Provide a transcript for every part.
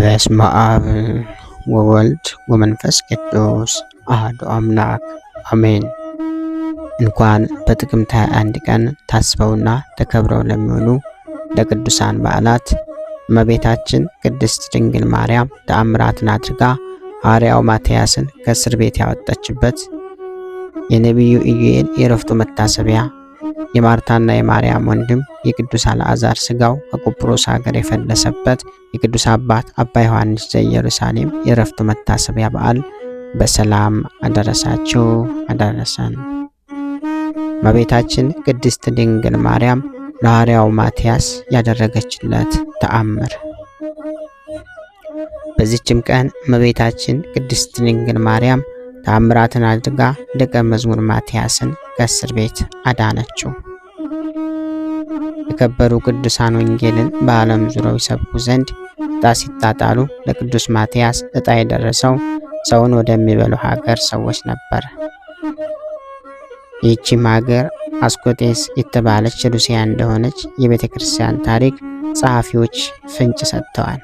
በስመ አብ ወወልድ ወመንፈስ ቅዱስ አህዶ አምላክ አሜን። እንኳን በጥቅምት 21 ቀን ታስበውና ተከብረው ለሚውሉ ለቅዱሳን በዓላት እመቤታችን ቅድስት ድንግል ማርያም ተአምራትን አድርጋ ሐዋርያው ማትያስን ከእስር ቤት ያወጣችበት የነቢዩ ኢዩኤል የዕረፍቱ መታሰቢያ የማርታና የማርያም ወንድም የቅዱስ አልዓዛር ስጋው ከቆጵሮስ ሀገር የፈለሰበት የቅዱስ አባት አባ ዮሐንስ ዘኢየሩሳሌም የእረፍቱ መታሰቢያ በዓል በሰላም አደረሳችሁ አደረሰን። እመቤታችን ቅድስት ድንግል ማርያም ለሐዋርያው ማትያስ ያደረገችለት ተአምር። በዚችም ቀን እመቤታችን ቅድስት ድንግል ማርያም ተአምራትን አድርጋ ደቀ መዝሙር ማትያስን ከእስር ቤት አዳነችው። የከበሩ ቅዱሳን ወንጌልን በዓለም ዙሪያው ይሰብኩ ዘንድ ዕጣ ሲጣጣሉ ለቅዱስ ማትያስ እጣ የደረሰው ሰውን ወደሚበሉ ሀገር ሰዎች ነበር። ይህቺም ሀገር አስኮጤስ የተባለች ሩሲያ እንደሆነች የቤተ ክርስቲያን ታሪክ ጸሐፊዎች ፍንጭ ሰጥተዋል።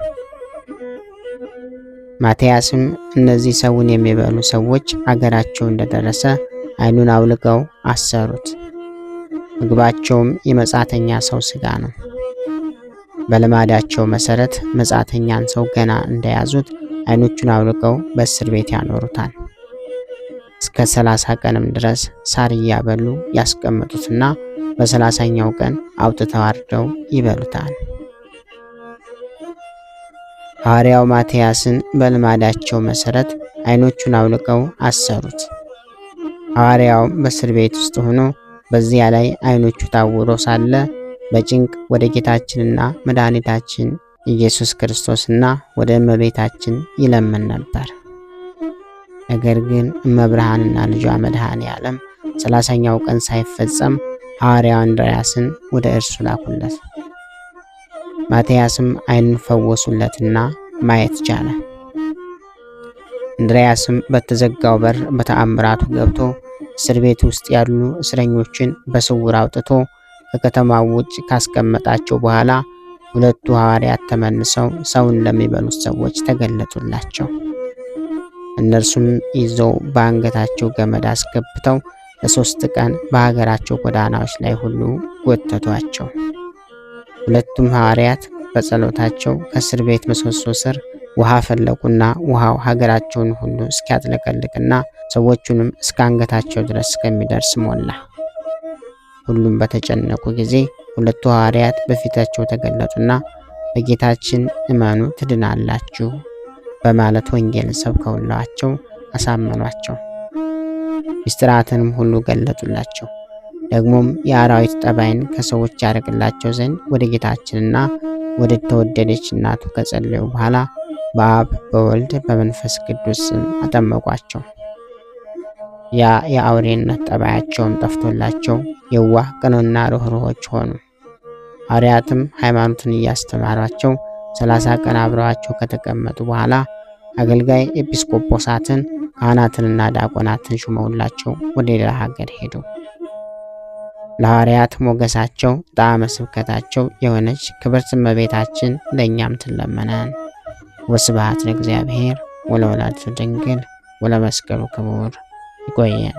ማትያስም እነዚህ ሰውን የሚበሉ ሰዎች አገራቸው እንደደረሰ አይኑን አውልቀው አሰሩት። ምግባቸውም የመጻተኛ ሰው ስጋ ነው። በልማዳቸው መሰረት መጻተኛን ሰው ገና እንደያዙት አይኖቹን አውልቀው በእስር ቤት ያኖሩታል። እስከ ሰላሳ ቀንም ድረስ ሳር እያበሉ ያስቀምጡትና በሰላሳኛው ቀን አውጥተው አርደው ይበሉታል። ሐዋርያው ማትያስን በልማዳቸው መሠረት አይኖቹን አውልቀው አሰሩት። ሐዋርያውም በእስር ቤት ውስጥ ሆኖ በዚያ ላይ አይኖቹ ታውሮ ሳለ በጭንቅ ወደ ጌታችንና መድኃኒታችን ኢየሱስ ክርስቶስና ወደ እመቤታችን ይለምን ነበር። ነገር ግን እመብርሃንና ልጇ መድኃኔ ዓለም ሰላሳኛው ቀን ሳይፈጸም ሐዋርያው እንድርያስን ወደ እርሱ ላኩለት። ማትያስም ዓይኑን ፈወሱለትና ማየት ቻለ። እንድርያስም በተዘጋው በር በተአምራቱ ገብቶ እስር ቤት ውስጥ ያሉ እስረኞችን በስውር አውጥቶ ከከተማው ውጭ ካስቀመጣቸው በኋላ ሁለቱ ሐዋርያት ተመልሰው ሰውን ለሚበሉት ሰዎች ተገለጡላቸው። እነርሱም ይዘው በአንገታቸው ገመድ አስገብተው ለሶስት ቀን በሀገራቸው ጎዳናዎች ላይ ሁሉ ጎተቷቸው። ሁለቱም ሐዋርያት በጸሎታቸው ከእስር ቤት ምሰሶ ስር ውሃ ፈለቁና ውሃው ሀገራቸውን ሁሉ እስኪያጥለቀልቅና ሰዎቹንም እስከ አንገታቸው ድረስ እስከሚደርስ ሞላ። ሁሉም በተጨነቁ ጊዜ ሁለቱ ሐዋርያት በፊታቸው ተገለጡና በጌታችን እመኑ ትድናላችሁ በማለት ወንጌልን ሰብከውላቸው አሳመኗቸው። ምስጢራትንም ሁሉ ገለጡላቸው። ደግሞም የአራዊት ጠባይን ከሰዎች ያርቅላቸው ዘንድ ወደ ጌታችንና ወደ ተወደደች እናቱ ከጸለዩ በኋላ በአብ በወልድ በመንፈስ ቅዱስ ስም አጠመቋቸው። ያ የአውሬነት ጠባያቸውም ጠፍቶላቸው የዋህ ቅኖና ርኅሩኆች ሆኑ። ሐዋርያትም ሃይማኖትን እያስተማሯቸው ሰላሳ ቀን አብረዋቸው ከተቀመጡ በኋላ አገልጋይ ኤጲስቆጶሳትን ካህናትንና ዲያቆናትን ሹመውላቸው ወደ ሌላ ሀገር ሄዱ። ለሐዋርያት ሞገሳቸው ጣዕመ ስብከታቸው የሆነች ክብርት እመቤታችን ለእኛም ትለመናን። ወስብሐት ለእግዚአብሔር ወለወላዲቱ ድንግል ወለመስቀሉ ክቡር። ይቆየን።